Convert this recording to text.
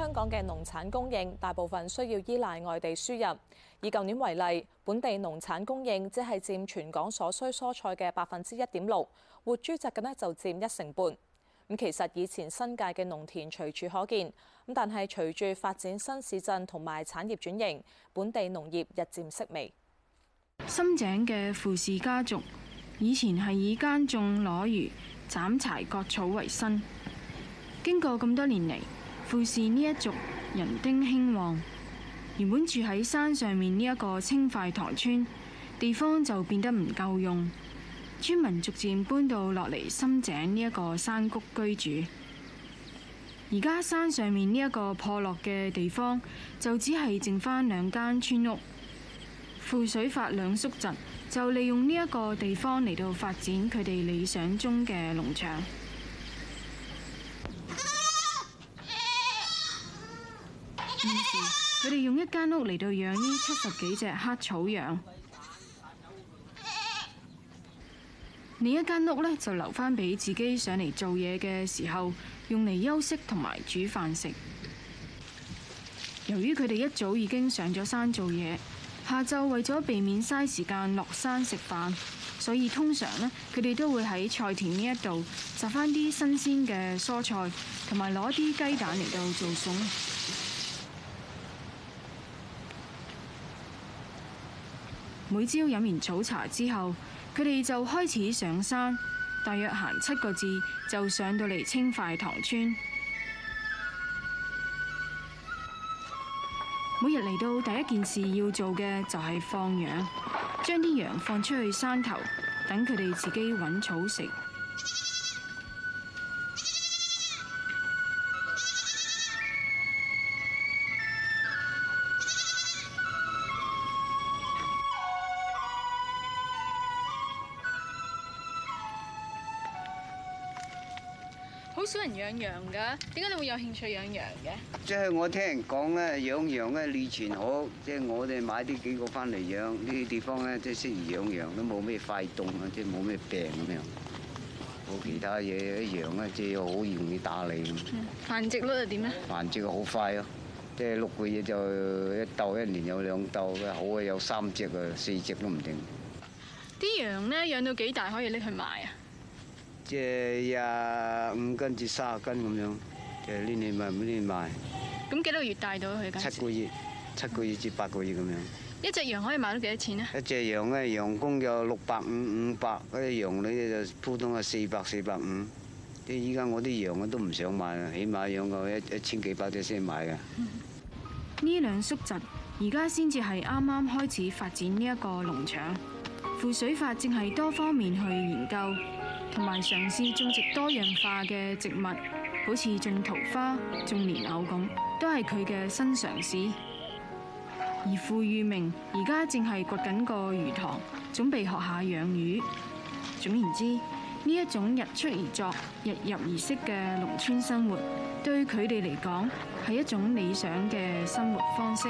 香港嘅農產供應大部分需要依賴外地輸入。以舊年為例，本地農產供應只係佔全港所需蔬菜嘅百分之一點六，活豬隻嘅呢就佔一成半。咁其實以前新界嘅農田隨處可見，咁但係隨住發展新市鎮同埋產業轉型，本地農業日漸式微。深井嘅富士家族以前係以耕種攞魚、斬柴割草為生，經過咁多年嚟。富氏呢一族人丁興旺，原本住喺山上面呢一個清快塘村地方就變得唔夠用，村民逐漸搬到落嚟深井呢一個山谷居住。而家山上面呢一個破落嘅地方就只係剩翻兩間村屋。富水發兩叔侄就利用呢一個地方嚟到發展佢哋理想中嘅農場。於是佢哋用一間屋嚟到養呢七十幾隻黑草羊，另一間屋呢，就留翻俾自己上嚟做嘢嘅時候用嚟休息同埋煮飯食。由於佢哋一早已經上咗山做嘢，下晝為咗避免嘥時間落山食飯，所以通常呢，佢哋都會喺菜田呢一度摘翻啲新鮮嘅蔬菜，同埋攞啲雞蛋嚟到做餸。每朝飲完早茶之後，佢哋就開始上山，大約行七個字就上到嚟清快塘村。每日嚟到第一件事要做嘅就係放羊，將啲羊放出去山頭，等佢哋自己揾草食。好少人養羊噶，點解你會有興趣養羊嘅？即係我聽人講咧，養羊咧利錢好，即係我哋買啲幾個翻嚟養呢啲地方咧，即係適宜養羊，都冇咩快凍啊，即係冇咩病咁樣。冇其他嘢啲羊咧，即係好容易打理。繁殖率係點咧？繁殖嘅好快咯，即係六個月就一竇，一年有兩竇嘅，好啊有三隻啊，四隻都唔定。啲羊咧養到幾大可以拎去賣啊？即係廿五斤至三十斤咁樣，誒年年賣，嗰年賣。咁幾多月大到去？七個月，七個月至八個月咁樣。一隻羊可以賣到幾多錢咧？一隻羊咧，羊公有六百五、五百；嗰隻羊咧就普通係四百、四百五。啲依家我啲羊我都唔想賣，起碼養夠一一千幾百隻先買㗎。呢兩叔侄而家先至係啱啱開始發展呢一個農場，付水法正係多方面去研究。同埋嘗試種植多樣化嘅植物，好似種桃花、種蓮藕咁，都係佢嘅新嘗試。而傅裕明而家正係掘緊個魚塘，準備學下養魚。總言之，呢一種日出而作、日入而息嘅農村生活，對佢哋嚟講係一種理想嘅生活方式。